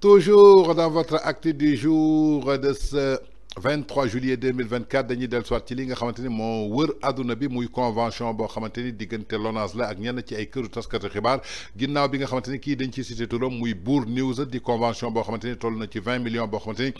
Toujours dans votre acte du jour de ce 23 juillet 2024 dañuy dellu soit ci li nga xamante wër aduna bi muy convention bo xamanteni digënté diggante LONASE la ak ñen ci ay këru taskati xibar ginnaw bi nga xamanteni ki dañ ci cité turam muy Bour News di convention bo xamanteni ni toll na ci 20 millions bo xamanteni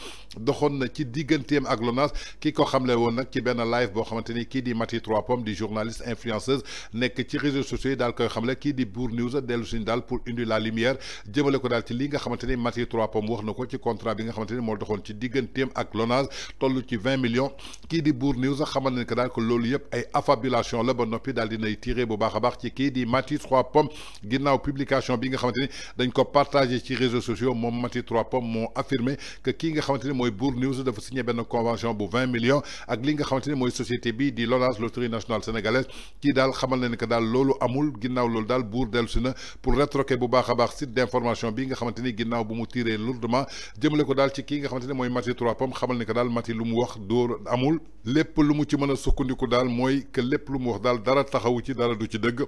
ni na ci digganteem ak LONASE ki ko xamle won nak ci ben live bo xamanteni ki di Mati Trois Pommes di journaliste influenceuse nek ci réseaux sociaux dal daal koy xamle ki di Bour News delu suñu dal pour indi la lumière jëmale ko dal ci li nga xamanteni Mati 3 Trois Pommes wax nako ci contrat bi nga xamanteni mo moo ci digganteem ak LONASE toll ci 20 millions qui di Bour News xamal ne que daal que loolu ay affabulation la ba nopi dal dinay tiré bu baax a baax ci ki di Mati Trois Pommes ginnaw publication bi nga xamanteni dañ ko partager ci réseaux sociaux mom Mati Trois Pommes m'ont affirmé que ki nga xamanteni moy mooy Bour News dafa signé benn convention bu 20 millions ak li nga xamanteni moy société bi di l'Orange loterie nationale sénégalaise ki dal xamal na ne que daal loolu amul ginnaw loolu dal Bour dellusi pour rétroquer bu baax a site d'information bi nga xamanteni ginnaw bu mu tiré lourdement jëmale ko dal ci ki nga xamanteni moy Mati 3 Pommes xamal ne dal diplomatie lu mu wax dóor amul lépp lu mu ci mën a sukkandiku daal mooy que lépp lu mu wax daal dara taxawu ci dara du ci dëgg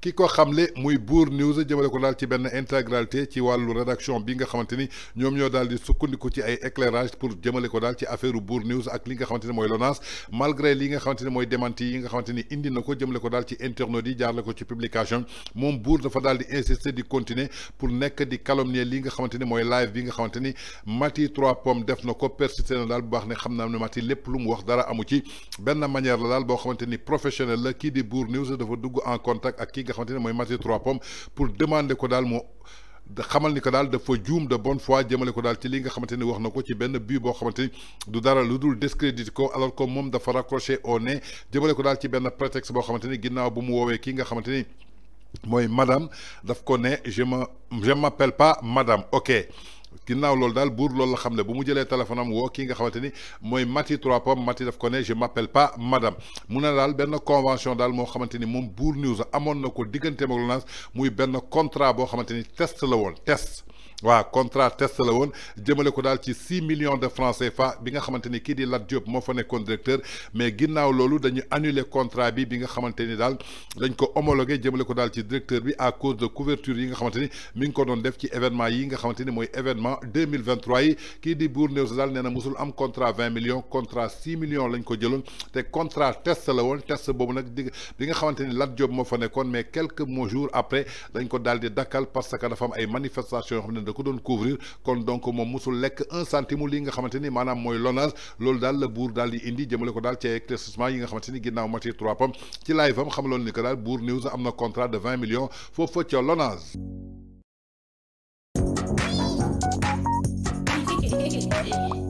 ki ko xamle muy buur News jëmale ko daal ci benn intégralité ci wàllu rédaction bi nga xamante ni ñoom ñoo daal di sukkandiku ci ay éclairage pour jëmale ko daal ci affaire buur News ak li nga xamante ni mooy LONASE malgré li nga xamante ni mooy démenti yi nga xamante ni indi na ko jëmale ko daal ci internet yi jaarale ko ci publication moom Bour dafa daal di insister di continuer pour nekk di calomnier li nga xamante ni mooy live bi nga xamante ni Maty Trois Pommes na ko persister na daal bu baax ne xam naa ne Maty lépp lu mu wax dara amul ci benn manière la daal boo xamante professionnel la kii di Bour News dafa en contact ak kii nga xamante ne Trois Pommes pour demander ko daal je xamal ni ko daal dafa de bonne foi jëmale ko daal ci li nga wax ci alors que moom dafa raccroché au nez jëmale ko daal ci prétexte bu mu madame daf ko ne je je m'appelle pas madame ok ginnaaw loolu daal buur lool la xam ne bu mu jëlee téléphone am woo kii nga xamante mooy Mati trois pommes Mati daf ko ne je m'appelle pas madame mu ne daal benn convention daal moo xamante ni moom buur news amoon na ko diggante ak LONASE muy benn contrat boo xamante ni test la woon test waaw contrat test la woon jëmale ko daal ci 6 millions de francs CFA bi nga xamante ni kii di Lat Diop moo fa nekkoon directeur mais ginnaaw loolu dañu annuler contrat bi bi nga xamante ni daal dañ ko homologué jëmale ko daal ci directeur bi à cause de couverture yi nga xamante ni mi ngi ko doon def ci événement yi nga xamante ni mooy événement deux yi kii di Bour News daal nee na musul am contrat 20 millions contrat 6 millions lañ ko jëloon te contrat test la woon test boobu nag di bi nga xamante ni Lat Diop moo fa nekkoon mais quelques jours après dañ ko daal di dakkal parce que dafa am ay manifestations yoo xam ne da ko doon couvrir kon donc moom musul lekk un centime li nga xamante ni maanaam mooy lonage loolu daal la buur daal di indi jëmale ko daal ci éclaircissement yi nga xamante ni ginnaaw matière trois pam ci live am xamaloon ni que daal buur news am na contrat de 20 millions foofu ca lonage